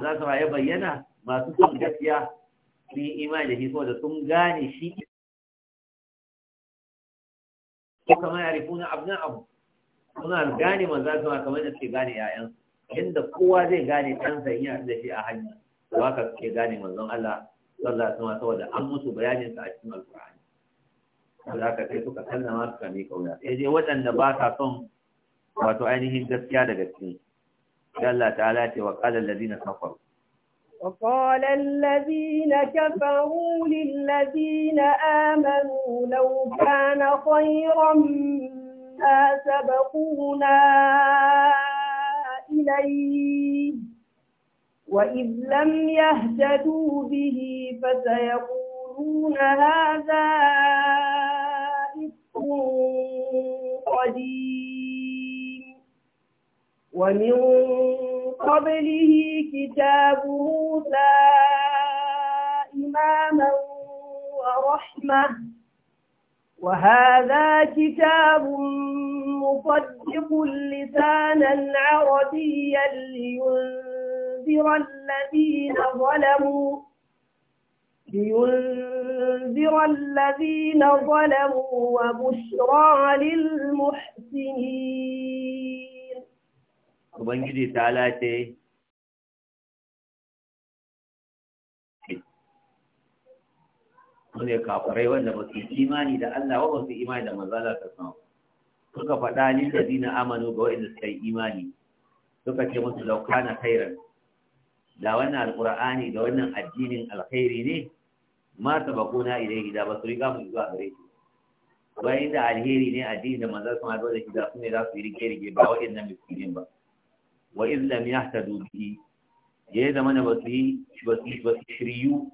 za su ya bayyana masu son gaskiya sun yi imani da shi saboda sun gane shi ko kamar ya rufu na abu na abu suna gane manza su ma kamar da suke gane yayan inda kowa zai gane ɗansa in yi da shi a hanya da waka suke gane manzon Allah sallallahu alaihi wasallam saboda an musu bayanin sa a cikin alqur'ani za ka sai suka sallama suka mi kauya sai dai waɗanda ba sa son wato ainihin gaskiya da gaskiya الله تعالى وقال الذين كفروا وقال الذين كفروا للذين آمنوا لو كان خيرا ما سبقونا إليه وإذ لم يهتدوا به فسيقولون هذا إفك قدير ومن قبله كتاب موسى إماما ورحمة وهذا كتاب مصدق لسانا عربيا لينذر الذين ظلموا لينذر الذين ظلموا وبشرى للمحسنين ubangiji ta lace ne kafirai wanda ba su imani da Allah ba ba su imani da manzala ta sama suka faɗa ni da zina amano ga wa'inda suka yi imani suka ce musu na khairan da wannan Alƙur'ani da wannan addinin alkhairi ne ma na idan gida ba su riga mu zuwa gare shi bayan da alheri ne addini da manzala sama dole shi da su ne za su yi rike rike ba wa'inda miskinin ba wa in lam yahtadu bihi ya zama na basu yi basu shiryu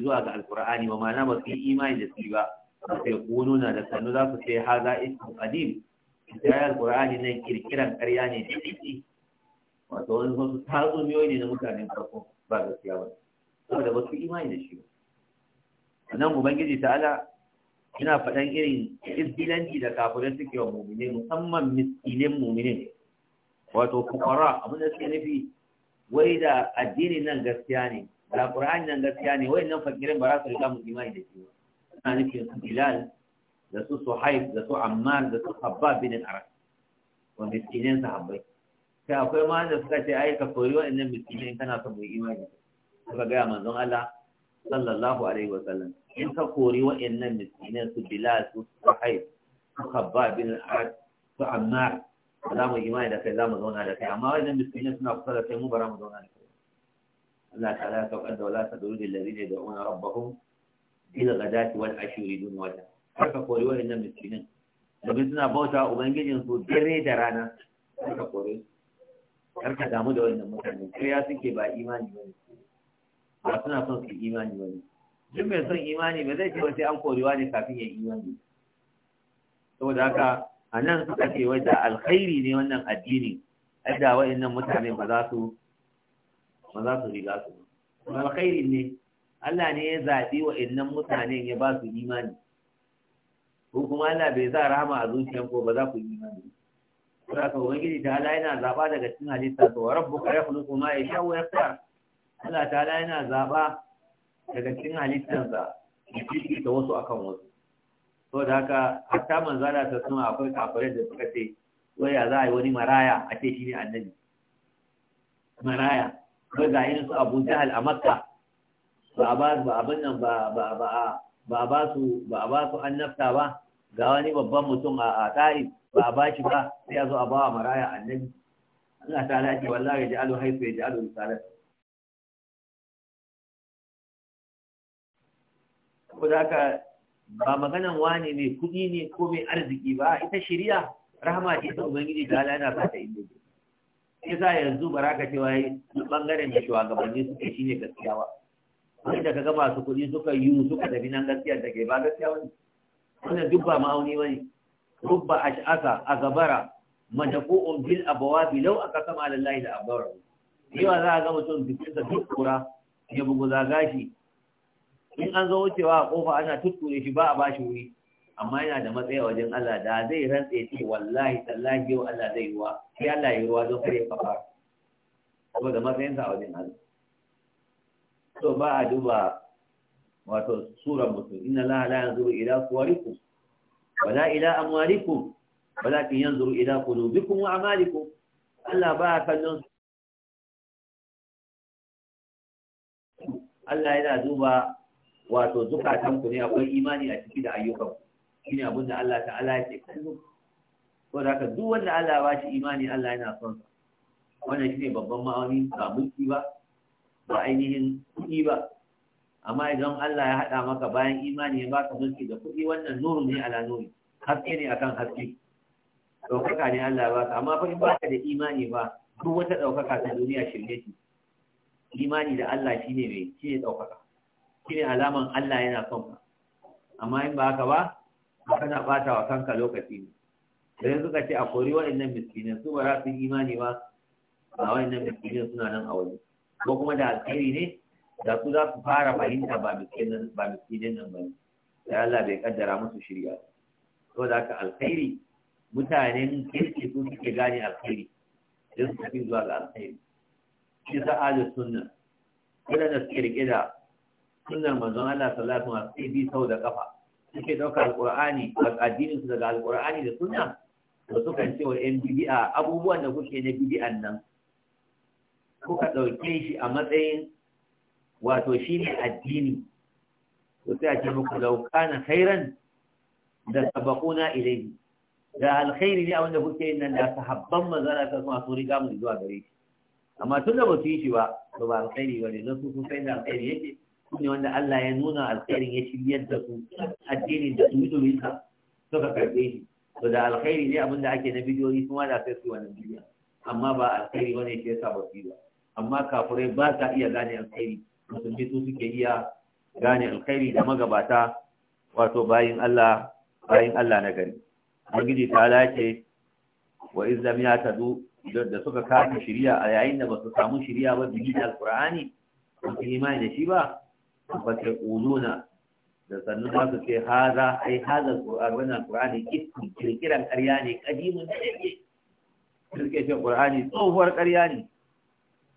zuwa ga alqur'ani wa ma'ana basu yi imani da shi ba sai kuno na da sanu za su sai haza ismu qadim sai alqur'ani nan kirkiran ƙarya ne da shi wato wani wasu tatsuniyoyi ne na mutanen farko ba gaskiya ba saboda basu su imani da shi ba nan ubangiji ta'ala ina faɗan irin izbilanci da kafirai suke wa mumine musamman miskinin mumine wato fukara abin da suke nufi wai da nan gaskiya ne da qur'ani nan gaskiya ne wai nan fakirin ba za su riga mu imani da shi ana su bilal da su suhaib da su ammar da su bin al-arab wa miskinin sahabbai sai akwai ma da suka ce ai ka wa'annan kana son mu imani suka manzon Allah sallallahu alaihi wa sallam in ka kori wa'annan miskinin su bilal su suhaib su bin al-arab su ammar za mu imani da kai za mu zauna da kai amma wannan miskinin suna kusa da kai mu ba za mu zauna da kai Allah ta'ala ya ta da wala ta dole da lalzina da una rabbahum ila gadati wal ashuri dun wata har ka kori nan miskinin domin suna bauta ubangijin su dare da rana har ka kore har ka damu da wannan mutane kai ya suke ba imani ne ba suna son su imani ne duk mai son imani ba zai ce wata an korewa ne kafin ya imani saboda haka a nan suka ce wai alkhairi ne wannan addini ai da wa'annan mutane ba za su ba za su riga su ba alkhairi ne Allah ne ya zaɓi wa'annan mutanen ya ba su imani ko kuma Allah bai za rahama a zuciyan ko ba za ku yi imani wani gidi ta ala yana zaɓa daga cikin halitta to rabbuka yakhluqu ma yasha wa yakhtar Allah ta ala yana zaɓa daga cikin halittansa ya ta wasu akan wasu to da haka hatta manzala ta suna akwai kafirai da suka ce waya za a yi wani maraya a ce shi ne annabi maraya ko ga irin su abu jahal a makka ba a ba abin nan ba a ba su annabta ba ga wani babban mutum a tsari, ba a ba shi ba sai ya zo a bawa maraya annabi Allah ta lafi wallahi ya ja'alu haifu ya ja'alu risalat ko da haka ba maganan wane mai kuɗi ne ko mai arziki ba ita shirya rahama ce ta ubangiji ta ala yana fata inda ne yasa yanzu baraka cewa yi bangaren da shugabanni suke ne gaskiya ba wanda kaga masu kuɗi suka yi suka tafi nan gaskiya da ke ba gaskiya wani wannan duk ba ma'auni wani rubba ash'asa azabara madaku'un bil abawabi law aka sama lillahi da abawar yawa za a ga mutum bikin da duk kura ya bugu zagashi in an zo wucewa a kofa ana tuttune shi ba a bashi wuri amma yana da matsayi wajen Allah da zai rantse ce wallahi tallahi yau Allah zai ruwa sai Allah ya ruwa don kare kafa da matsayinsa a wajen Allah to ba a duba wato sura mutum inna la la yanzuru ila suwarikum wala ila amwalikum walakin yanzuru ila qulubikum wa a'malikum Allah ba a kallon Allah yana duba wato zukatan ku ne akwai imani a ciki da ayyukan shine abin da Allah ta'ala ya ce kallo ko da haka duk wanda Allah ba shi imani Allah yana son sa wannan shine babban ma'ani ba mulki ba ba ainihin kuɗi ba amma idan Allah ya haɗa maka bayan imani ya baka mulki da kuɗi wannan nuru ne ala nuri haske ne akan haske ɗaukaka ne Allah ya baka amma fa in baka da imani ba duk wata ɗaukaka ta duniya shirye ce imani da Allah shine mai shine ɗaukaka shine alaman Allah yana son ka amma in ba haka ba kana bata wa kanka lokaci ne Idan suka ce a kori waɗannan miskinin su ba za su imani ba ba waɗannan miskinin suna nan a waje ko kuma da alkhairi ne da su za su fara fahimta ba miskinin ba nan ba sai Allah bai kaddara musu shirya saboda haka alkhairi mutanen kirki su suke gane alkhairi sai su tafi zuwa ga alkhairi shi sa'adu sunna da suke rike da sunnar manzon Allah sallallahu alaihi wasallam bi sau da kafa suke dauka alqur'ani addinin su daga alqur'ani da sunna to sukan ce wa yan bid'a abubuwan da kuke na bid'an nan kuka dauke shi a matsayin wato shi ne addini to sai a ce muku law kana khairan da sabaquna ilayhi da alkhairi ne a wanda kuke yin nan da sahabban manzon ta kuma sun riga mu zuwa gare shi amma tun da ba su yi shi ba to ba alkhairi ba ne don su sun sai da alkhairi yake su ne wanda Allah ya nuna alkhairin ya shiryar da su addinin da su yi suka karɓe shi to da alkhairi ne abinda ake na bidiyoyi kuma da sai su wannan duniya amma ba alkhairi bane shi yasa ba su ba amma kafurai ba sa iya gane alkhairi musulmi su suke iya gane alkhairi da magabata wato bayin Allah bayin Allah na gari ubangiji ta lace wa izlam ya tadu da suka kafa shiriya a yayin da ba su samu shiriya ba bi da alqur'ani ba su imani da shi ba fata uluna da sannu ma su ce haza ai haza qur'an wannan qur'ani kitkin kirkiran ƙarya ne kadimin da yake kirke ce qur'ani tsohuwar ƙarya ne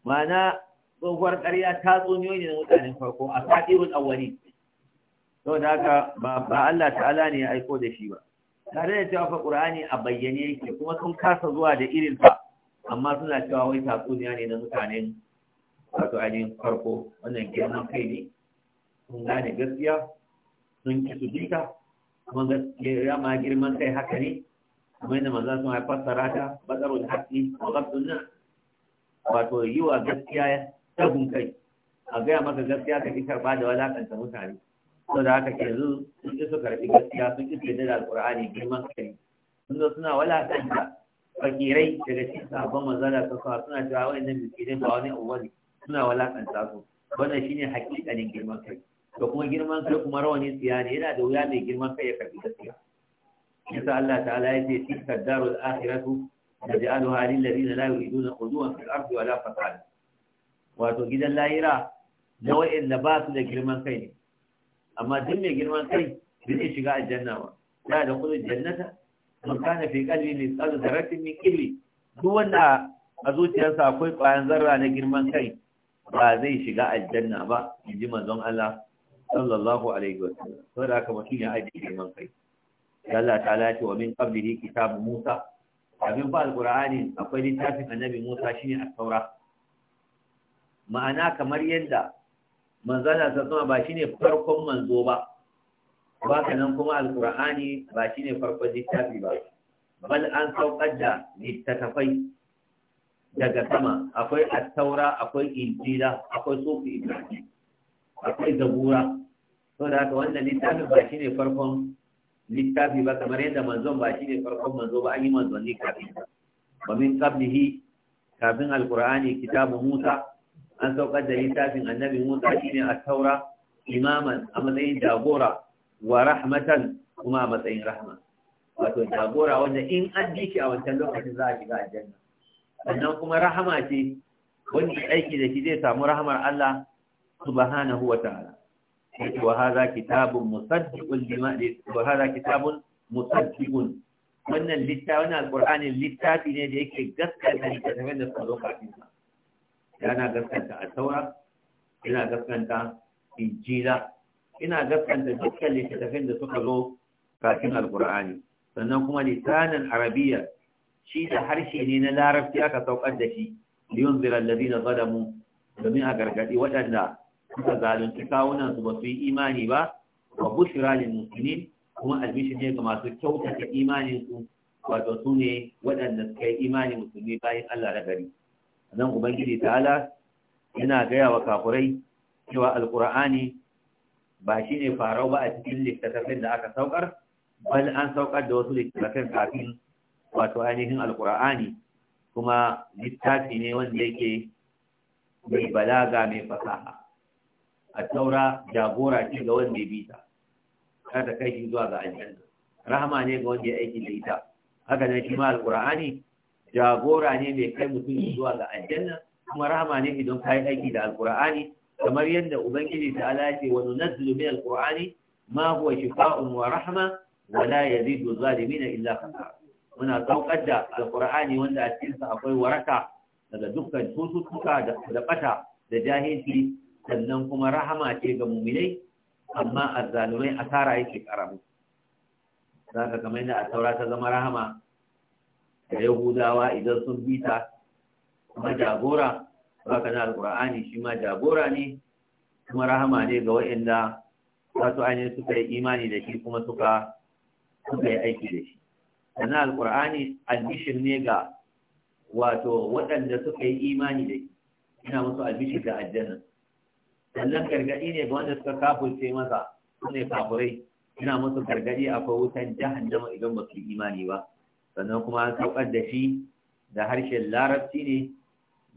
mana tsohuwar ƙarya ta tsoniyo ne na mutanen farko a fadirul awwali da haka ba Allah ta'ala ne ya aiko da shi ba tare da cewa fa qur'ani a bayyane yake kuma sun kasa zuwa da irin fa amma suna cewa wai tatsuniya ne na mutanen wato ainihin farko wannan girman kai ne sun gane gaskiya sun ki su jika kuma gaskiya ma girman kai haka ne kamar yadda maza sun haifar sarata batsarun haƙi a gabdun nan wato yi wa gaskiya ta kai a gaya maka gaskiya ka ki karɓa da walakanta mutane sau da haka ke zuwa sun ki su karɓi gaskiya sun ki su da alƙur'ani girman kai sun zo suna walakanta fakirai daga cikin sabon manzala da kasuwa suna cewa wa'annan miskirai ba wani abu ne suna walakanta su wannan shine hakikalin girman kai da kuma girman kai kuma rawani siya ne yana da wuya mai girman kai ya karbi gaskiya yasa Allah ta'ala ya ce tilka darul akhiratu naj'aluha lil ladina la yuriduna khuduwan fil ardi wala fasad wato gidan lahira na da ba su da girman kai ne amma duk mai girman kai zai shiga aljanna ba ya da kullu jannata man kana fi qalbi mithqalu dharratin min kibri duk wanda a zuciyarsa akwai ƙwayan zarra na girman kai ba zai shiga aljanna ba in ji manzon Allah sallallahu alaihi wa sallam saboda haka mutum ya da girman kai Allah ta'ala ce wa min qablihi kitab Musa abin ba alqur'ani akwai littafin annabi Musa shine at-taura ma'ana kamar yadda manzala ta zama ba shine farkon manzo ba ba nan kuma alqur'ani ba shine farkon littafi ba bal an saukar da littattafai daga sama akwai at-taura akwai injila akwai sufi ibrahim akwai zabura da haka wannan littafin ba shi ne farkon littafi ba kamar yadda manzon ba shi ne farkon manzo ba an yi manzonni kafin ba min qablihi kafin alqur'ani kitabu musa an saukar da littafin annabi musa ne a taura imaman a matsayin jagora wa rahmatan kuma a matsayin rahma wato jagora wanda in an ji shi a wancan lokacin za a shiga aljanna sannan kuma rahama ce wanda aiki da shi zai samu rahamar Allah subhanahu wa ta'ala yake wa hadha kitabun musaddiqun lima wa hadha kitabun musaddiqun wannan littafin alqur'ani littafi ne da yake gaskata littafin da suka zo kafin sa yana gaskata a taura ina gaskanta injila ina gaskanta dukkan littafin da suka zo kafin alqur'ani sannan kuma litanan arabiyya shi da harshe ne na larabci aka saukar da shi liyunzira alladhina zalamu domin a gargadi waɗanda suka zalunci kawunan su ba su yi imani ba bu bushra lil musulmi kuma albishi ne ga masu kyautata imanin su wato su ne waɗanda suka yi imani musulmi bayan Allah na gari nan ubangiji ta'ala yana gaya wa kafurai cewa alkur'ani ba shi ne farau ba a cikin littattafin da aka saukar bal an saukar da wasu littattafin kafin wato ainihin alkur'ani kuma littafi ne wanda yake mai balaga mai fasaha a taura jagora ce ga wanda ya bi ta ta kai shi zuwa ga aljanna rahama ne ga wanda ya aiki da ita haka nan shi ma alqur'ani jagora ne mai kai mutum zuwa ga aljanna kuma rahama ne idan ka yi aiki da alqur'ani kamar yadda ubangiji ta ala ce wa nunazzilu min alqur'ani ma huwa shifaa'un wa rahma wa la yazidu adh illa khasara muna saukar da alqur'ani wanda a cikin akwai waraka daga dukkan cututtuka da bata da jahilci sannan kuma rahama ce ga muminai amma azzalumai asara yake karamu za ka kamar yadda a taura ta zama rahama da yahudawa idan sun bita kuma jagora ba ka na alkur'ani shi ma jagora ne kuma rahama ne ga waɗanda su ainihin suka yi imani da shi kuma suka suka yi aiki da shi sannan alkur'ani albishir ne ga wato waɗanda suka yi imani da shi ina musu albishir da aljanna sannan gargadi ne ga wanda suka kafurce masa su ne kafurai ina musu gargadi akwai wutan jahannama idan ba su imani ba sannan kuma an saukar da shi da harshen larabci ne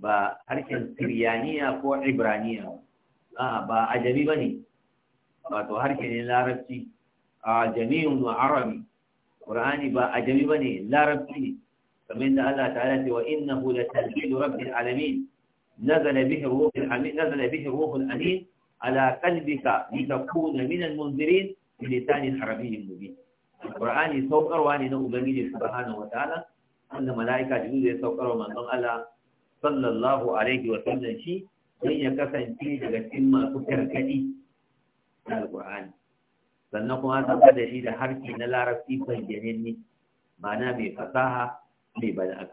ba harshen siriyaniya ko ibraniya a ba ajami ba ne wato harshen larabci a jami'un wa arami ƙur'ani ba ajami ba ne larabci ne kamar da Allah ta'ala ce wa innahu la talbidu rabbil alamin نزل به الروح الأمين نزل به الروح الأمين على قلبك لتكون من المنذرين بلسان عربي مبين القرآن سوكر واني نؤمن سبحانه وتعالى أن ملائكة جنود سوكر ومن الله صلى الله عليه وسلم شيء don ya kasance daga cikin masu karkadi na alkur'ani sannan kuma an da shi da harshe na larabci bayyanin ne ma'ana mai fasaha mai bala'aka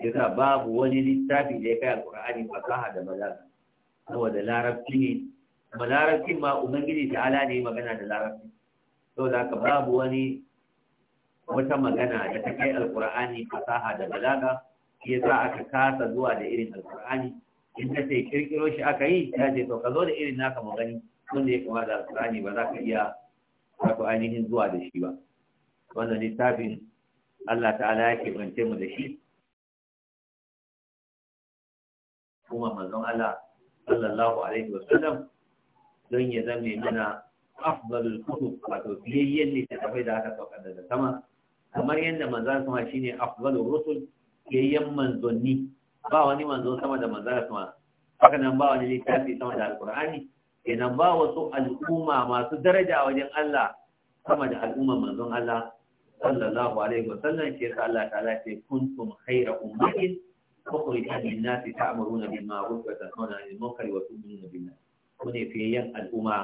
yasa babu wani littafi da ya kai Alƙur'ani fasaha da balaga saboda larabci ne kuma larabcin ma ubangiji ala ne magana da larabci saboda haka babu wani wata magana da ta kai Alƙur'ani fasaha da balaga yasa aka kasa zuwa da irin Alƙur'ani. in ta ce kirkiro shi aka yi ta ce to ka zo da irin naka magani wanda ya kama da ba za ka iya wato ainihin zuwa da shi ba wannan littafin Allah ta'ala ya keɓance mu da shi kuma manzon Allah sallallahu alaihi wa sallam don ya zame mana afdalul kutub wato fiyayyen littattafai da aka sauka daga sama kamar yadda manzon sama shine afdalur rusul fiyayyen manzonni ba wani manzo sama da manzon sama haka nan ba wani littafi sama da alqur'ani kenan ba wasu al'umma masu daraja wajen Allah sama da al'umman manzon Allah sallallahu alaihi wa sallam shi yasa Allah ta'ala ce kuntum khayra ummatin Mukulin hannun nasi ta amuruna bi ma rufe zanona ne mokari wa sun nuna bi nan. Ku ne al'umma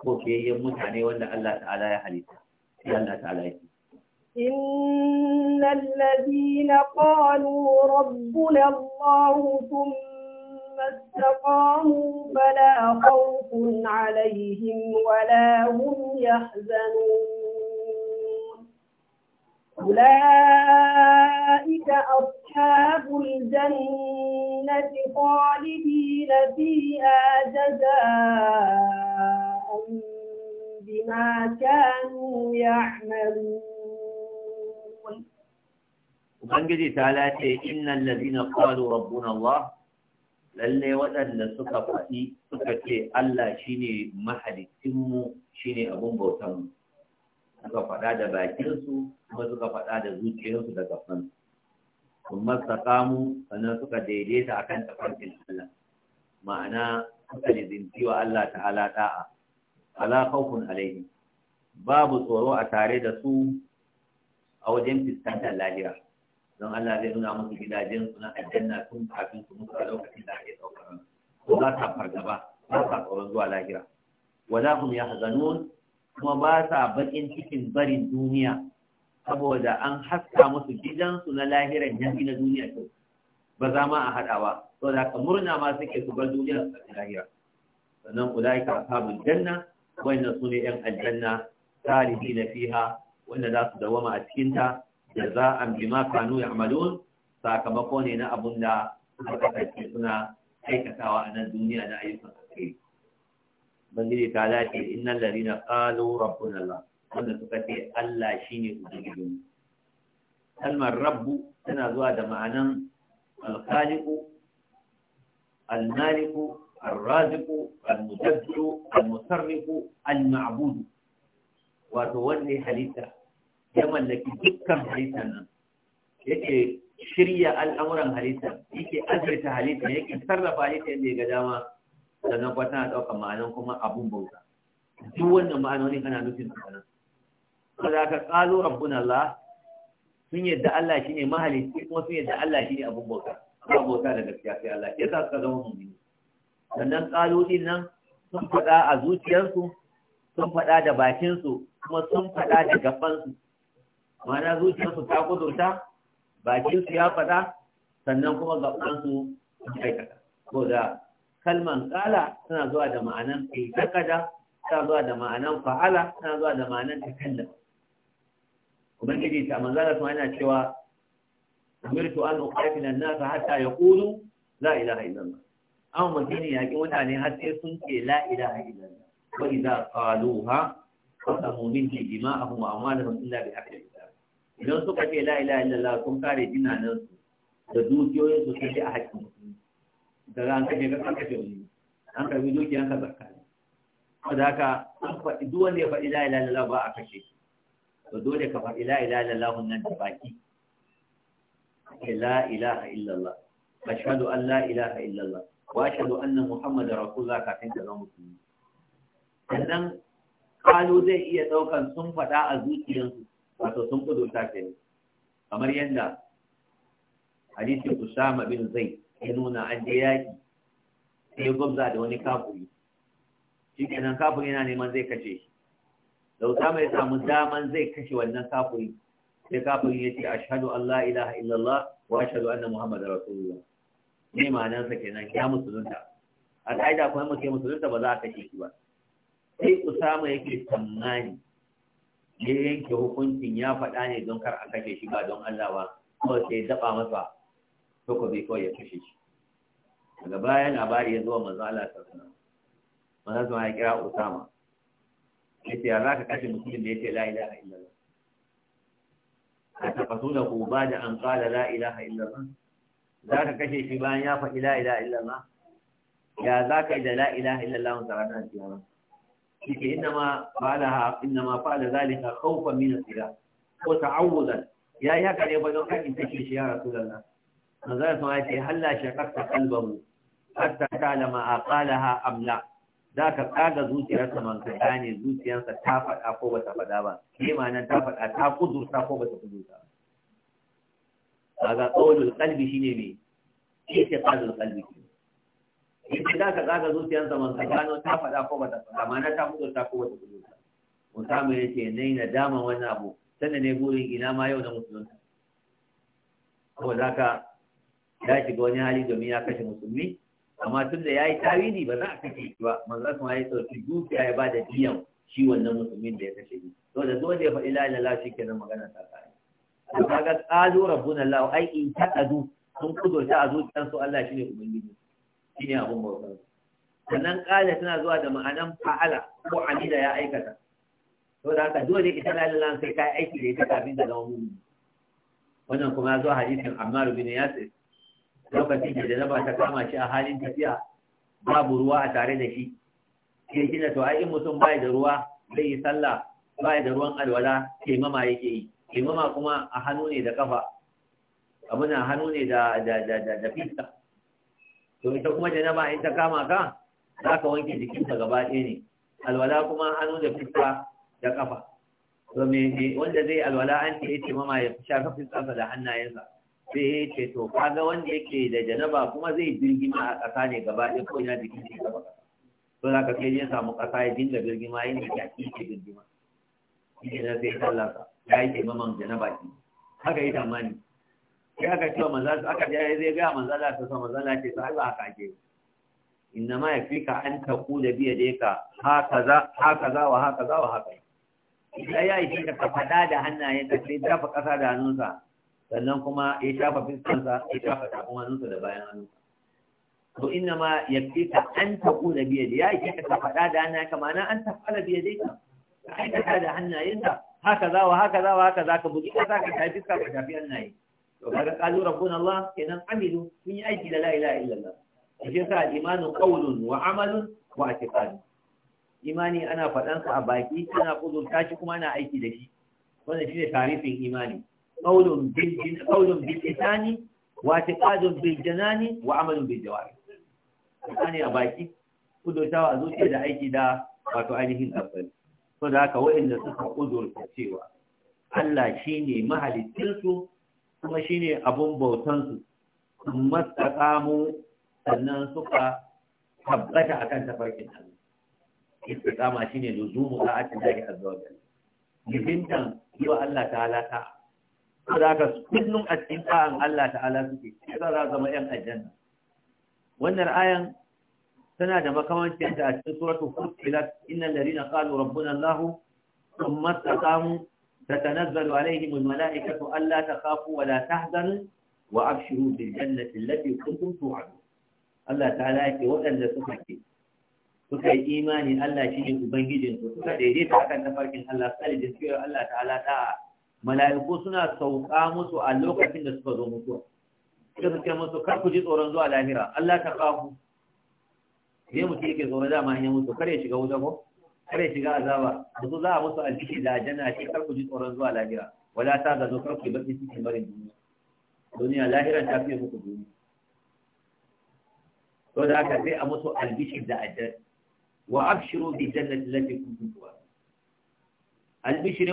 ko fiyayyen mutane wanda Allah ta'ala ya halitta. Ya Allah ta'ala ya ce. إن الذين قالوا ربنا الله ثم استقاموا فلا خوف عليهم ولا هم أولئك أصحاب الجنة خالدين فيها جزاء بما كانوا يعملون Ubangiji ta lace innan lalina ƙwaro rabbun Allah, lalle waɗanda suka faɗi suka ce Allah shi ne mahalicinmu shi ne abin bautanmu. suka faɗa da bakinsu kuma suka faɗa da zuciyarsu da gafansu sun kamu, sannan suka daidaita a kan tafarkin Allah ma'ana suka lizinci wa Allah ta'ala ɗa'a. ala alaihi babu tsoro a tare da su a wajen fiskantar lahira don Allah zai nuna musu gidajen suna na aljanna tun kafin su mutu a lokacin da ake ɗaukar ko za ta fargaba ba ta tsoron zuwa lahira wala hum yahzanun kuma ba sa bakin cikin barin duniya saboda an haska musu gidansu na lahiran yanki na duniya kyau ba za ma a haɗa ba to da ka murna ma suke su bar duniya su lahira sannan ka ashabul janna wanda su ne yan aljanna na fiha wanda za su dawama a cikin ta bi ma kanu ya ya'malun sakamako ne na abun da suka suna aikatawa a nan duniya na ayyukan alkhairi ubangiji ta lace na ladina qalu rabbuna allah wanda suka ce allah shine ubangijin kalmar rabbu tana zuwa da ma'anan alkhaliqu almaliku الرازق المدبر almusarriku, alma'budu wato wanne halitta ya mallaki dukkan halittar nan yake shirya al'amuran halitta yake azurta halitta yake sarrafa halitta yadda ya ga dama sannan kuma tana ɗaukar ma'anan kuma abun bauta duk wannan ma'anonin ana nufin su nan saboda ka qalu rabbuna allah sun yadda allah shine mahalicci kuma sun yadda allah shine abun bauta ba bauta da gaskiya sai allah ya sa suka zama mu'mini sannan qalu din nan sun faɗa a zuciyarsu sun faɗa da bakinsu kuma sun faɗa da gabansu ma'ana zuciyarsu ta kudurta bakinsu ya faɗa sannan kuma gabansu sun aikata ko da kalman kala tana zuwa da ma'anan aitakada tana zuwa da ma'anan fa'ala tana zuwa da ma'anan takallam kiji ta manzala kuma yana cewa amirtu an uqatila lan nas hatta yaqulu la ilaha illallah amma mutane yaƙi mutane har sai sun ce la ilaha illallah wa idza qaluha qasamu minni dima'ahum wa amwalahum illa bi aqli idan suka ce la ilaha illallah sun kare dinanan su da dukiyoyin su sai a haƙƙin mutum. da an kashe ga kashe jiri an karbi doki an ka zakka saboda haka an faɗi duk wanda ya faɗi la ilaha illallah ba a kashe to dole ka faɗi la ilaha illallah nan da baki la ilaha illallah ashhadu an la ilaha illallah wa ashhadu anna muhammadar rasulullah kafin ka zama musulmi sannan kalu zai iya ɗaukan sun faɗa a zuciyarsu wato sun ta ke kamar yadda hadisin Usama bin Zaid ya nuna an je yaƙi sai gwamza da wani kafuri shi kenan kafuri yana neman zai kashe shi da wuta mai samu daman zai kashe wannan kafuri sai kafuri ya ce a shahadu Allah ilaha illallah wa annan muhammad da rasulullah ne ma'anar sa kenan ya musulunta a ka'ida kuma mutum musulunta ba za a kashe shi ba sai Usama yake tsammani ya yanke hukuncin ya faɗa ne don kar a kashe shi ba don Allah ba kawai sai daba masa soko zai kawai ya kashe shi daga baya bari ya zuwa manzo Allah ta sanar manzo sun ya kira Usama ce ya ka kashe mutumin da ce la ilaha illallah ba da an kala la ilaha illallah ka kashe shi bayan ya faɗi la ilaha illallah ya za yi da la ilaha illallah sarana kiyama yake inma fa'alaha inma fala zalika khawfan min al-ilah ko ta'awudan ya yi haka ne ba don kan in take shi ya rasulullah manzara sun haifi halla shakarta kalbamu hatta ta lama a kalaha amla za ka kaga zuciyarsa man ka gane zuciyarsa ta faɗa ko bata faɗa ba ke ma'ana ta faɗa ta kudurta ko bata kudurta ba kaga ƙaunar kalbi shine mai ce ƙazin kalbi ke ita za ka kaga zuciyarsa man ka ne ta faɗa ko bata faɗa ma'ana ta kudurta ko bata kudurta musamman ya ce nai na dama wani wannan abu sannan ne burin ina ma yau na musulunta saboda haka ya shiga wani hali domin ya kashe musulmi amma tun da ya yi tawili ba za a kashe shi ba manzo kuma ya sauki dukiya ya ba da diyan shi wannan musulmin da ya kashe shi saboda dole ya faɗi la shi kenan magana ta ka to kaga qalu rabbuna lau ai in taqadu sun ta a zuciyar su Allah shine ubangiji shine abun bauta sannan qala tana zuwa da ma'anan fa'ala ko amila ya aikata da haka dole ita la ilaha sai kai aiki da ita kafin da zama wannan kuma ya zo hadisin Ammar bin Yasir lokacin da janaba ta kama shi a halin tafiya babu ruwa a tare da shi sai kina to ai in mutum bai da ruwa zai yi sallah bai da ruwan alwala taimama yake yi taimama kuma a hannu ne da kafa abin a hannu ne da da da da da fiska to ita kuma janaba in ta kama ka za ka wanke jikinta gaba ɗaya ne alwala kuma hannu da fiska da kafa to me wanda zai alwala an ce ya taimama ya shafa fiskansa da hannayensa sai ya ce to kaga wanda yake da janaba kuma zai birgima a ƙasa ne gaba ɗaya ko ina jikin shi gaba to za ka sai ya samu ƙasa ya dinga birgima yin da yaki ke birgima shi ne zai yi tallafa, ya yi taimaman janaba ki haka yi tamani sai aka ce manza aka je zai gaya manza Allah ta sa manza Allah ce sai ba haka ke inna ma ka an biya da yadika haka za wa haka za wa haka sai ya yi ka faɗa da hannayen ka sai dafa ƙasa da hannunsa sannan kuma ya shafa fiskansa ya shafa takumaninsa da bayan hannu to inna ma yafi ka an taƙuna biya da ya yi kika ka faɗa da hannu haka ma'ana an tafala biya dai ka ka aikata da hannayenka haka za wa haka za wa haka za ka bugi ka za ka shafi fiska ka shafi hannaye to kaga qalu rabbuna allah kenan amilu sun yi aiki da la ilaha illallah shi yasa imanu qawlun wa amalun wa i'tiqad imani ana faɗansa a baki ana kudurta shi kuma ana aiki da shi wannan shine tarifin imani قول قول باللسان واعتقاد بالجنان وعمل بالجوارح الآن يا باكي كله توا زوجي da aiki da wato ainihin abbali so da haka wa'inda suka uzurta cewa Allah shine mahalicin su kuma shi shine abun bautan su mastaqamu sannan suka tabbata akan tafarkin Allah istiqama ne luzumu ta'atin da ke azza wa jalla yibintan yi wa Allah ta ta'a ko da haka kullum a cikin ta'an Allah ta'ala suke sai za zama yan aljanna wannan ayan tana da makamancin ta a cikin suratul fussilat innal ladina qalu rabbuna Allah thumma istaqamu tatanazzalu alaihim al mala'ikatu alla takhafu wa la tahzanu wa abshiru bil jannati allati kuntum tu'adun Allah ta'ala yake waɗanda suka ke suka yi imani Allah shi ne ubangijin su suka daidaita akan tafarkin Allah sai da cewa Allah ta'ala ta'a mala'iku suna sauka musu a lokacin da suka zo mutuwa suka ce musu kar ku ji tsoron zuwa lahira Allah ta kafu sai mutum yake tsoron dama hanyar mutu kar ya shiga wuta ko kar ya shiga azaba da su za a musu aljihi da aljanna ce kar ku ji tsoron zuwa lahira wala ta ga zo kar ku baki cikin barin duniya duniya lahira ta fiye muku duniya to da haka sai a musu aljihi da aljanna wa abshiru bi jannati lati kuntum tuwa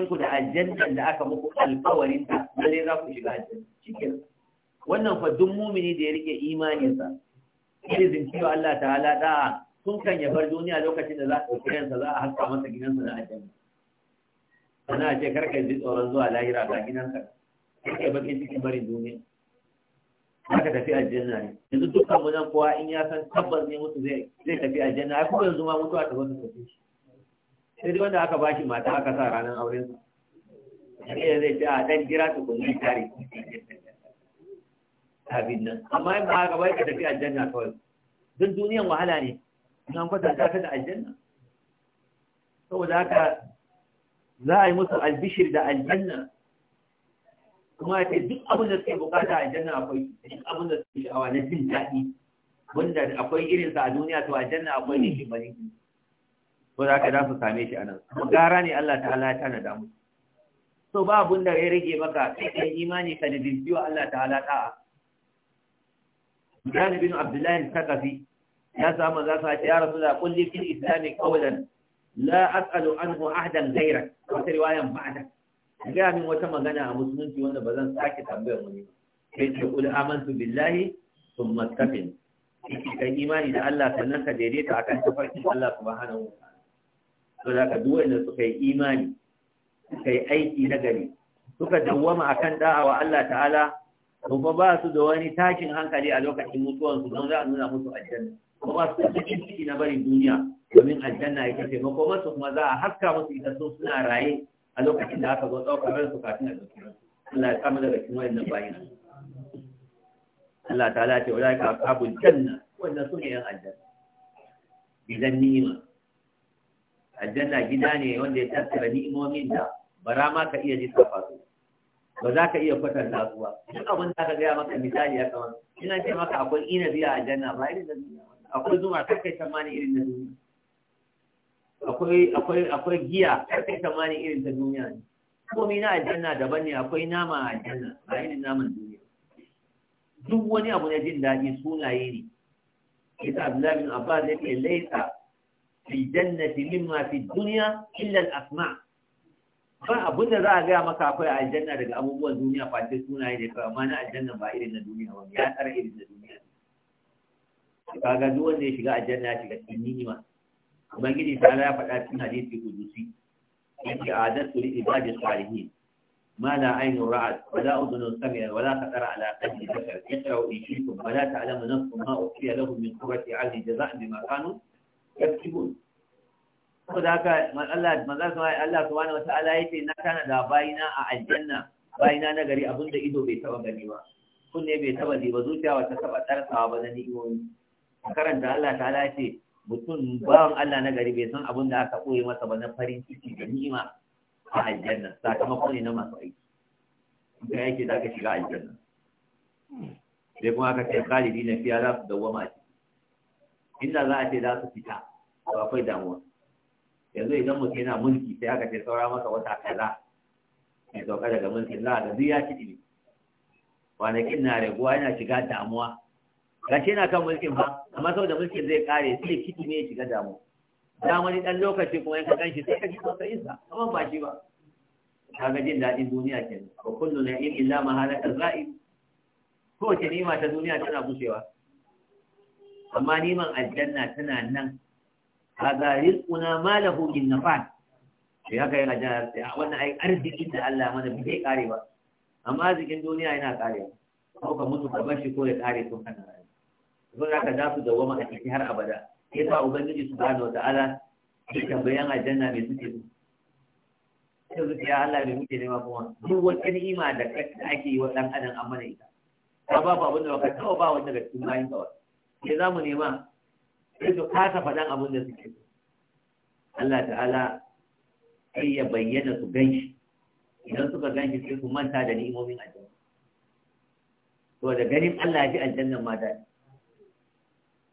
ku da aljannan da aka muku alkawarin ta dare za ku shiga aljanna cikin wannan fa duk mumini da ya rike imaninsa irin cewa Allah ta'ala da sun kan ya bar duniya lokacin da za a ɗauki ransa za a haska masa gidansa na aljanna ana ce karka ji tsoron zuwa lahira ga gidanka kake bakin cikin barin duniya haka tafi aljanna ne yanzu dukkan mu nan kowa in ya san tabbas ne mutu zai tafi aljanna ai kuma yanzu ma mutuwa ta zo ta tafi shi sai wanda aka ba shi mata aka sa ranar auren sa ne zai fi a dan jira su kun yi tare sabin nan amma in ba haka ba ka tafi aljanna kawai duk duniyan wahala ne an kwatanta ta da aljanna saboda haka za a yi musu albishir da aljanna kuma ce duk abin da suke bukata aljanna akwai duk abin da suke sha'awa na jin daɗi wanda akwai irinsa a duniya to aljanna akwai ne shi bane ko za ka za su same shi a nan gara ne Allah ta'ala ta nada. musu so ba abun da ya rage maka sai kai imani ka da dindiwa Allah ta'ala ta'a Jani bin Abdullahi kafi, ya samu za su ce ya rasu da kulli fil islami qawlan la as'alu anhu ahdan ghayrak wata riwayan ba'da Gaya min wata magana a musulunci wanda ba zan sake tambayar wani ba Kai ce kul amantu billahi thumma istaqim kai imani da Allah sannan ka daidaita akan tafarkin Allah subhanahu wa ta'ala to da ka wanda suka yi imani suka yi aiki na gari suka dawwama akan da'a wa Allah ta'ala kuma ba su da wani tashin hankali a lokacin mutuwan don za a nuna musu aljanna kuma ba su da cikin ciki na barin duniya domin aljanna ya ce makoma su kuma za a haska musu ita sun suna raye a lokacin da aka zo ɗaukar ransu kafin a ɗauki ransu Allah ya kama daga cikin wayannan bayan Allah ta'ala ce wa ka kabul janna wannan sune yan aljanna bidan ni'ima aljanna gida ne wanda ya tattara ni'imomin da bara ma ka iya lissafa su ba za ka iya kwatanta su ba duk abin da aka gaya maka misali ya kama ina ce maka akwai ina a aljanna ba irin da duniya akwai zuma kar kai mani irin na duniya akwai akwai akwai giya kar kai mani irin ta duniya ne Komi na aljanna daban ne akwai nama a aljanna ba irin naman duniya duk wani abu na jin daɗi sunaye ne Isa Abdullahi bin Abbas ya ce laisa fil jannati mimma fi dunya illa al asma ba abin da za a gaya maka akwai a aljanna daga abubuwan duniya face sunaye ne kawai amma na aljanna ba irin na duniya ba ya tsara irin na duniya kaga duk wanda ya shiga aljanna ya shiga cikin ni'ima ubangiji ta ya faɗa cikin hadisi kudusi yake adat li ibadi salihin ما لا عين رأت ولا أذن سمعت ولا خطر على قلب بشر اقرأوا إن شئتم ولا تعلم نفس ما أخفي لهم من قوة عين جزاء بما كانوا yaktubun saboda haka Allah manzo ma Allah subhanahu wataala yace na kana da bayina a aljanna bayina na gari abinda ido bai taba gani ba kunne bai taba ji ba zuciya ba ta taba tsarsawa ba na ni'imomi karanta Allah ta'ala ce mutum bawan Allah na gari bai san abinda da aka koyi masa ba na farin ciki da ni'ima a aljanna sakamakon ne na masu aiki ga yake da aka shiga aljanna sai kuma aka ce khalidi na fiya za su dawwama a inda za a ce za su fita to akwai damuwa yanzu idan mutum yana mulki sai aka ce saura masa wata kaza mai sauka daga mulkin za a ga ya ci ilimi kwanakin na raguwa yana shiga damuwa gashi yana kan mulkin ba amma sau da mulkin zai kare sai kiti ne ya shiga damuwa dama wani dan lokaci kuma yanka ganshi sai ka ji sosai sa amma ba shi ba ga jin daɗin duniya kenan kullum kullu na'im illa ma halaka za'i ko ce ni'ima ta duniya tana bushewa amma neman aljanna tana nan kaga rizquna ma lahu min nafat sai haka yana da wannan ai arzikin da Allah mana bai zai kare ba amma arzikin duniya yana karewa ko ka mutu ka bashi ko ya kare tun kana rayuwa ko za su dafu da a ciki har abada sai ta ubangiji subhanahu wataala duk tambayan aljanna mai suke su sai su ya Allah mai muke nema kuma duk wata ni'ima da ake yi wa dan adam an mana ita ba babu abin da ka taɓa ba wanda daga cikin bayan kawai ke za mu nema sai su kasa faɗan abin da suke Allah ta'ala sai ya bayyana su shi idan suka shi sai su manta da ni'imomin aljanna to da ganin Allah ya ji aljannan ma daɗi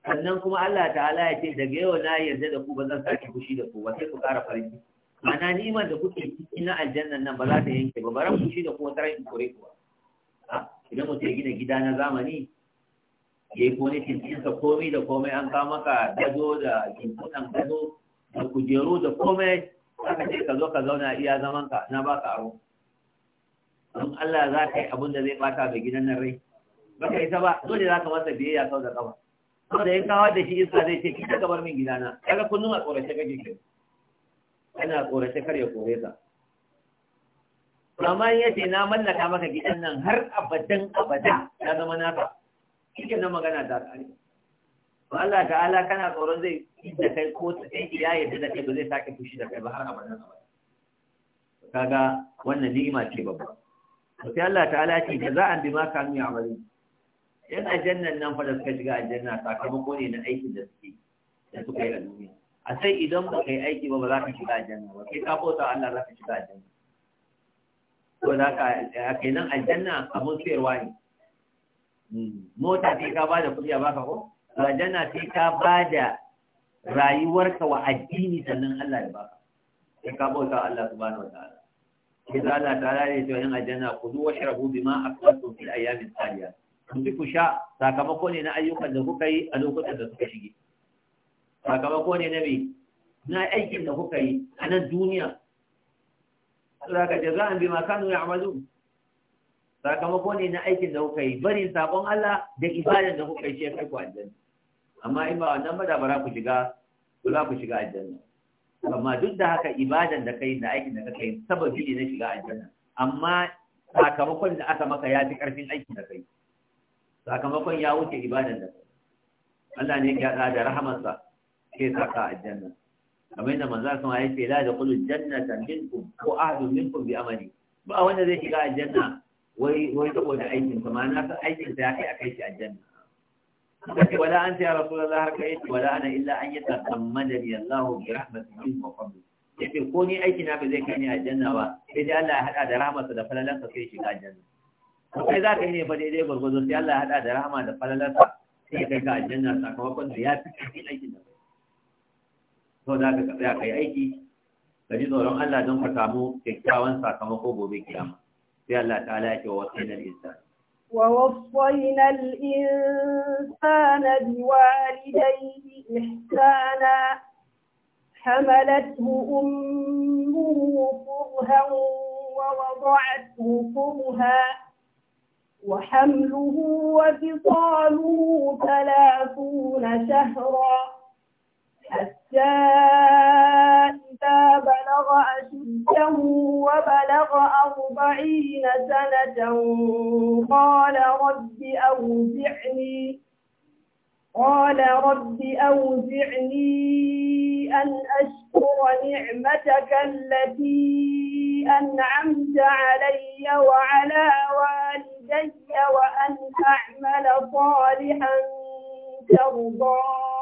sannan kuma Allah ta'ala ya ce daga yau na yarda da ku ba zan sake fushi da ku ba sai ku ƙara farin ciki ma'ana ni'imar da kuke ciki na aljannan nan ba za ta yanke ba ran fushi da ku wata ran in kore ku ba ah, idan mutum ya gina gida na zamani ya yi kone tintinsa komai da komai an kama maka gado da kintunan gado da kujeru da komai aka ce ka zo ka zauna iya zaman ka na ba ka aro don Allah za ka yi abin da zai bata da gidan nan rai ba ka ita ba dole za ka masa biyayya sau da kama. sau da yin kawo da shi isa zai ce kika gabar min gidana kaga kullum a tsorace kake ke ana tsorace kar ya kore ka amma ya ce na mallaka maka gidan nan har abadan abada ya zama naka kike nan magana da kare ba Allah ta'ala kana tsoron zai da kai ko ta kai ya yadda da kai ba zai sake fushi da kai ba har abadan ba kaga wannan ni'ima ce babba to sai Allah ta'ala ce jaza'an bima kanu ya'malun yan ajannan nan fa da suka shiga aljanna sakamako ne na aikin da suke da suka yi a duniya a sai idan ba kai aiki ba ba za ka shiga aljanna ba sai ka bauta Allah za ka shiga aljanna ko da ka kenan aljanna abun sayarwa ne mota sai ka bada kudi a baka ko aljanna sai ka bada rayuwarka wa addini sannan Allah ya baka sai ka bauta Allah subhanahu wataala sai da Allah ta lalace to yin aljanna ku zuwa sharabu ma aqwatum fil ayami taliya kun ku sha sakamako ne na ayyukan da kuka yi a lokutan da suka shige sakamako ne na me na aikin da kuka yi a nan duniya Allah ka jaza'an ma kanu ya'malun sakamako ne na aikin da kuka yi barin sakon Allah da ibadan da kuka yi shi ya kai ku aljanna amma in ba wannan ba da ba ku shiga ku za ku shiga aljanna amma duk da haka ibadan da kai da aikin da kake yi sababi ne na shiga aljanna amma sakamakon da aka maka ya fi karfin aikin da kai sakamakon ya wuce ibadan da kai Allah ne ya da rahamarsa ke saka aljanna kamar yadda manzo sun ya ce da kullu jannatan minkum ko ahadun minkum bi amali ba wanda zai shiga aljanna wai wai saboda aikin sa ma na san aikin sa ya akai shi aljanna kace wala anta ya rasulullah har kai wala ana illa an yatasammada bi Allah bi rahmatihi wa fadlihi yake ko ni aiki na ba zai kai ni aljanna ba sai dai Allah ya hada da rahmatu da falalansa sai ga aljanna ko kai za ka yi ne fa daidai gwargwado sai Allah ya hada da rahama da falalansa sai kai ga aljanna sakamakon da ya fi cikin aikin da to da ka tsaya kai aiki ka ji tsoron Allah don ka samu kyakkyawan sakamako gobe kiyama في الله تعالى ووصينا الإنسان ووصينا الإنسان بوالديه إحسانا حملته أمه كرها ووضعته كرها وحمله وفصاله ثلاثون شهرا حتى حتى بلغ أشده وبلغ أربعين سنة قال رب أوزعني قال رب أوزعني أن أشكر نعمتك التي أنعمت علي وعلى والدي وأن أعمل صالحا ترضاه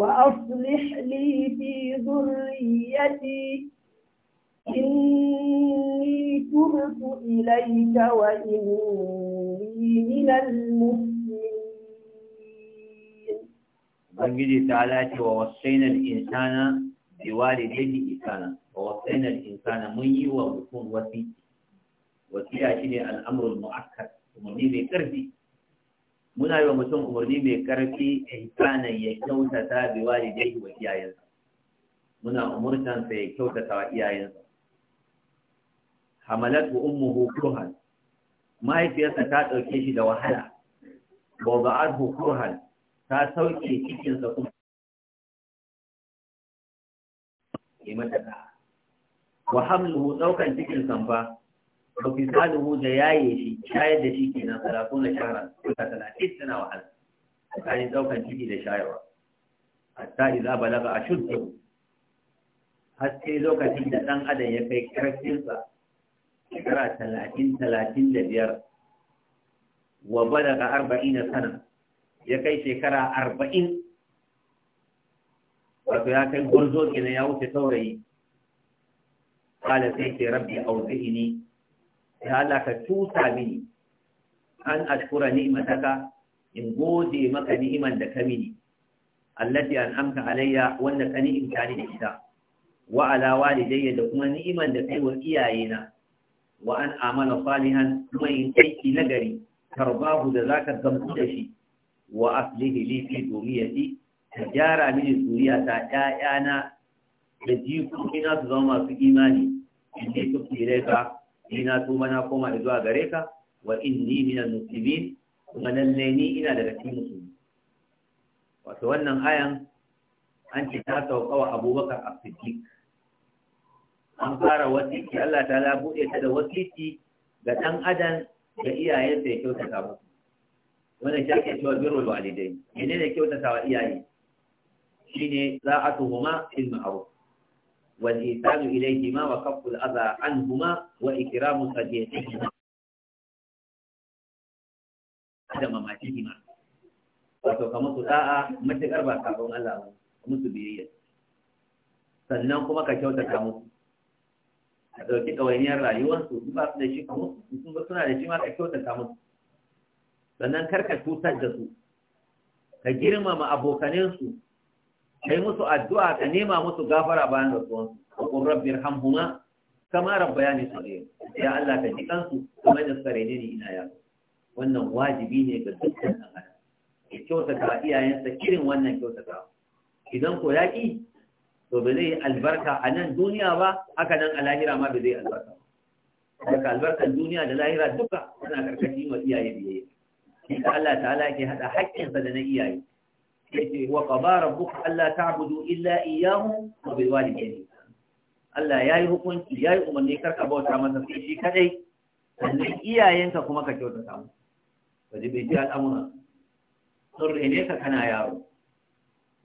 وأصلح لي في ذريتي إني تبت إليك وإني من المسلمين بنجد تعالى ووصينا الإنسان بوالديه إنسانا ووصينا الإنسان مني ومكون وسيء وسيء شيء الأمر المؤكد ومني بكربي muna yi wa mutum umarni mai karfi ihsanan ya kyautata bi walidayhi wa iyayensa muna umurtansa ya kyautata wa iyayensa wa ummuhu kurhan mahaifiyarsa ta ɗauke shi da wahala wada'arhu kurhan ta sauke cikinsa kuma mata da wa hamluhu ɗaukan cikin sanfa ba fi saluhu da yaye shi shayar da shi ke nan salatu na shahara suka talatin suna wahala tsakanin ɗaukar ciki da shayarwa hatta ba balaga a shudu haske lokacin da ɗan adam ya kai karfinsa shekara talatin talatin da biyar wa daga arba'in sana ya kai shekara arba'in wato ya kai gurzo kenan ya wuce saurayi kala sai ce rabbi ya Allah ka mini an ashkura ni'mataka in gode maka ni'iman da ka mini allati an'amta alayya wanda ka ni'imta ni da ita wa ala walidayya da kuma ni'iman da kai wa iyayena wa an amala salihan kuma in aiki nagari tarbahu da zaka gamsu da shi wa aslihi li fi duriyati ka gyara mini zuriya ta ƴaƴana da jikokina su zama masu imani in ne ina na na koma zuwa gare ka wa inni minal muslimin kuma ne ni ina da cikin musulmi wato wannan ayan an ce ta sauka wa abubakar as-siddiq an fara wasiki Allah ta la buɗe ta da wasiki ga ɗan adam da iyayensa ya kyautata musu wannan shi ake cewa birrul walidai menene ta wa iyaye shine za'atuhuma fil ma'ruf والإيثان إليهما وكف الأذى عنهما وإكرام صديقهما عدم ماتهما wato ka musu da'a matuƙar ba sabon Allah ba ka musu biyayya sannan kuma ka kyautata musu ka ɗauki ƙawainiyar rayuwarsu su ba su da shi ka musu sun ga suna da shi ma ka kyautata musu sannan kar ka cutar da su ka girmama abokaninsu kai musu addu'a ka nema musu gafara bayan rasuwan wasu, ko rabbin hamhuma, kama rabbayani saghir ya Allah ka ji kansu kuma da tsare ne ni ina ya? wannan wajibi ne ga dukkan ɗan adam ya kyautata iyayensa irin wannan kyautata idan ko ya ƙi to ba zai albarka a nan duniya ba haka nan a lahira ma ba zai albarka ba daga albarkar duniya da lahira duka suna karkashin wa iyaye biyayya shi Allah ta'ala ke haɗa haƙƙinsa da na iyaye yake wa qadara rabbuka alla ta'budu illa iyyahu wa bil walidayni Allah yayi hukunci yayi umarni karka bauta masa sai shi kadai sannan iyayenka kuma ka kyautata musu waje bai ji al'amura sun rene ka kana yaro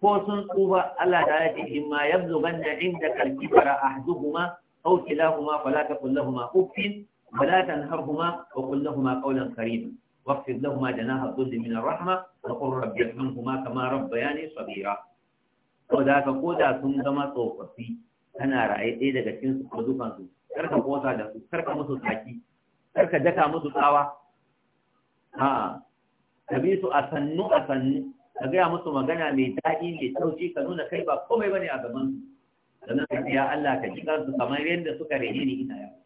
ko sun tsufa Allah ta ya ce in ma yabzugan na inda kalki fara ahduhuma aw kilahuma fala taqul lahumu uffin wala tanharhuma wa qul lahumu qawlan karima waqfid lahumu janaha dhulli min ar-rahma وقل رب ارحمهما كما ربياني صغيرا ko da sun zama tsofaffi kana ra'ayi ɗaya daga cikin su ko dukan su karka kosa da su kar karka musu kar ka daka musu tsawa a ka bi su a sannu a sannu ka gaya musu magana mai daɗi mai taushi ka nuna kai ba komai bane a gaban su sannan ka ya Allah ka ji kansu kamar yadda suka rene ni ina yaro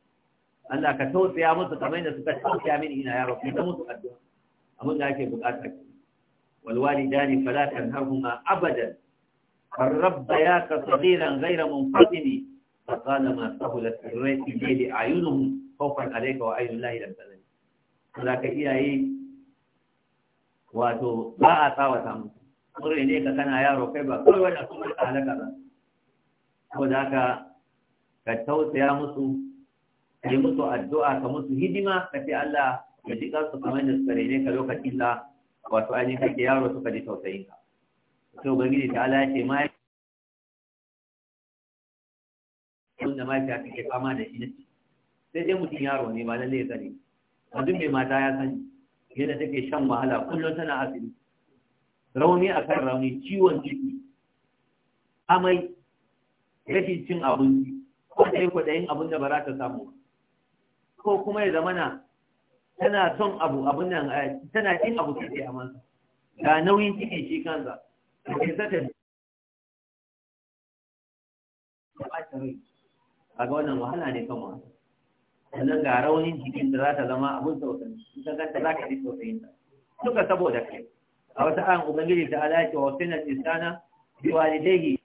Allah ka tausaya musu kamar yadda suka tausaya mini ina yaro ka ta musu addu'a abin da ake bukata ke والوالدان فلا تنهرهما أبدا فربياك صغيرا غير منفطن فقال ما سهلت الريس الليل أعينهم خوفا عليك وأعين الله لم تزل ولك إياي wato ba a tsawata musu ƙure ne ka kana yaro kai ba kawai wanda kuma ka halaka ba ko da ka tausaya musu yi musu addu'a ka musu hidima ka ce Allah ya ji kansu kamar da suka rene ka lokacin da wato ainihin kake yaro suka ji tausayin ka sai ubangiji ta ala ce ma da mafiya take fama da shi na ci sai dai mutum yaro ne ba lallai ya sani duk mai mata ya sani yadda take shan wahala kullum tana asiri rauni a kan rauni ciwon ciki amai rashin cin abinci ko da yi kwaɗayin abin da ba za ta samu ko kuma ya zamana tana son abu abin nan eh, tana yin abu sai a masa ga nauyin ciki shi kansa sai sata a ga wannan wahala ne kama. wannan ga raunin jikin da za ta zama abin tausayi in ka ganta za ka ji tausayin ta duka saboda kai a wata an ubangiji ta alaƙi wa sinan insana bi walidaihi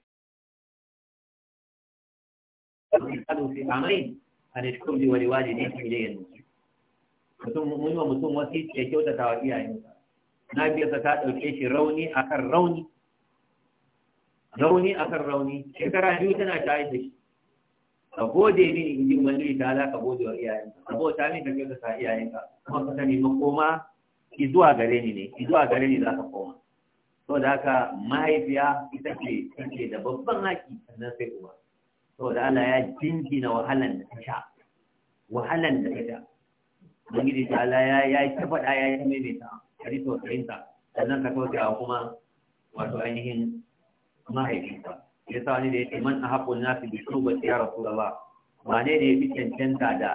fi amrin ne ishkur bi walidaihi yanzu mutum mun wa mutum wasi ya kyautata wa iyayensa na biyar ta ɗauke shi rauni akan rauni rauni akan rauni shekara biyu tana shayar da shi ka gode ni in ji wani ta ala ka gode wa iyayenka ka bauta min ka kyautata wa iyayenka kuma ka sani makoma izuwa gare ni ne izuwa gare ni za ka koma sau da haka mahaifiya ita ce take da babban haƙi sannan sai uba sau da Allah ya jinjina wahalan da ta sha wahalan da ta sha ubangiji ta ala ya ya yi ta faɗa ya yi ta maimaita a ji ta, sannan ka tausaya kuma wato ainihin mahaifinsa ya sa wani da ya ce man a haƙon nasu bi su bace ya rasu lalla ba ne da ya fi cancanta da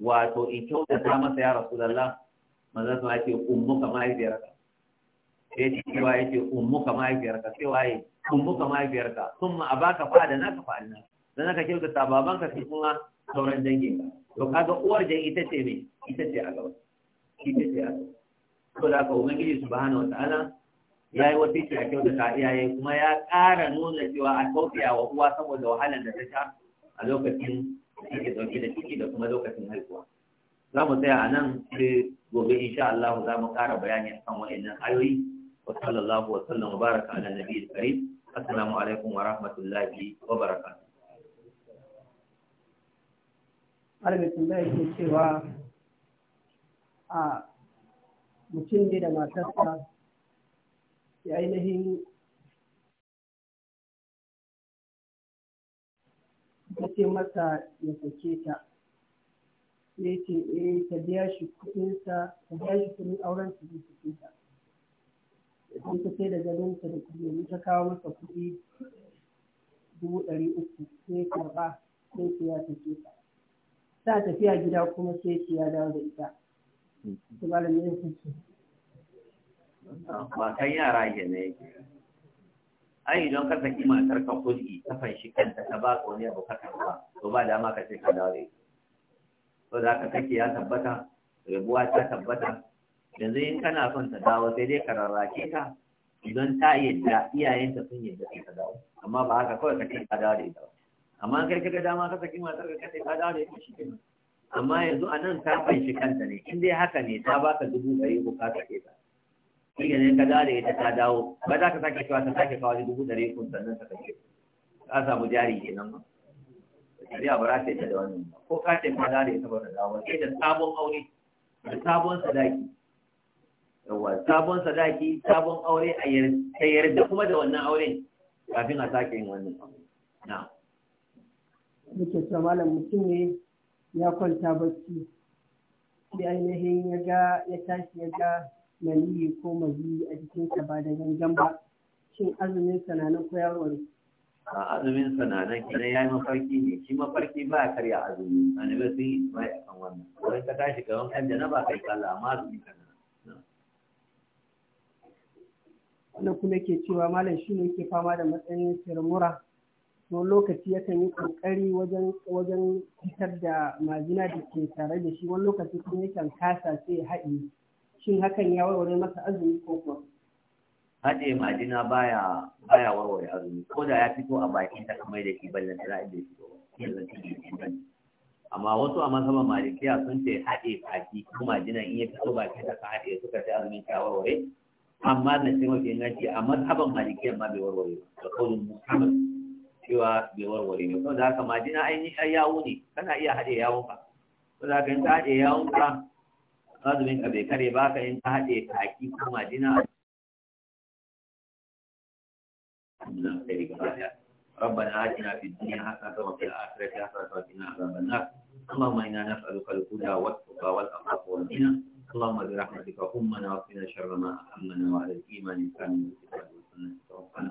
wato in kyautata masa ya rasu lalla manzan su ma ya ka mahaifiyarka ya ce cewa ya ce ka mahaifiyarka sai waye ka mahaifiyarka sun ma a baka fada na ka fa'alna dan ka kyautata babanka sai kuma sauran danginka to ga uwar da ita ce me ita ce a gaba ita ce a gaba to da ka ubangiji subhanahu ana, ya yi wata ce a kyautata iyaye kuma ya ƙara nuna cewa a kofiya wa uwa saboda wahalar da ta sha a lokacin da take da ciki da kuma lokacin haihuwa za mu tsaya a nan sai gobe insha Allah za mu ƙara bayani kan wa'annan ayoyi wa sallallahu wa sallam wa baraka ala nabiyil karim assalamu alaikum wa rahmatullahi wa barakatuh harbe da ke cewa a mutum ne da matarsa ya ainihin ta ce masa ya sake ta ya ce eh ta biya shi kuɗinsa ta biya shi kuɗin auren su zai sake ta sun ta sai da ganinsa da kuɗi ta kawo masa kuɗi dubu ɗari uku sai karɓa sai ya sake ta ta tafiya gida kuma sai ce ya dawo da ita su ba da ne matan yara ke ne ai idan ka saki matar ka kulki ta fanshi kanta ta ba ka wani abu ka karba to ba dama ka ce ka dawo da ita to za ka saki ya tabbata rabuwa ta tabbata yanzu in kana son ta dawo sai dai ka rarrake ta idan ta yadda iyayenta sun yadda sai ta dawo amma ba haka kawai ka ce ka dawo da ita ba amma kai kaga dama ka saki matar ka kace ka dawo da shi kenan amma yanzu a nan ta shi kanta ne in dai haka ne ta baka dubu ɗari ko ka sake ta shi ne ka dawo da ita ta dawo ba za ka sake cewa ta sake kawo da dubu ɗari ko sannan ta sake ka samu jari kenan ba shari'a ba za ta da wannan ko ka ce ka dawo da ita ba ta dawo sai da sabon aure da sabon sadaki yawa sabon sadaki sabon aure a da kuma da wannan auren kafin a sake yin wannan na'am yake cewa malam mutum ne ya kwanta bacci sai ainihin ya ga ya tashi ya ga maniyi ko mazi a jikinsa ba da gangan ba shin azumin nan ko yaro a azumin na nan ya yi mafarki ne shi mafarki ba ya karya azumi ba sai yi ya kan wannan wani ka tashi gaban kan da na ba kai sallah amma ka na. wannan kuma ke cewa malam shi ne ke fama da matsayin sirmura wani lokaci yakan yi kokari wajen wajen fitar da majina da ke tare da shi wani lokaci kuma yakan kasa sai ya haɗe shin hakan ya warware masa azumi ko kuwa haɗe majina baya baya warware azumi ko da ya fito a bakin ta kamar da shi ballan tana inda ya fito amma wasu a masaban malikiya sun ce haɗe faki ko majina in ya fito bakin ta ka haɗe suka sai azumi ta warware amma na ce mafi inganci a masaban malikiyan ma bai warware ba da kaunin muhammad cewa bai warware ne kuma da haka majina ainihin yawo ne kana iya haɗe yawon ka ko za ka yi ta haɗe yawon ka azumin ka bai kare ba ka yin ta haɗe kaki ko majina nan sai ربنا آتنا في الدنيا حسنة وفي الآخرة حسنة وقنا عذاب النار اللهم إنا نسألك الهدى والتقى والعفاف والغنى اللهم برحمتك أمنا وقنا شر ما أهمنا وعلى الإيمان كان من الكتاب والسنة توفنا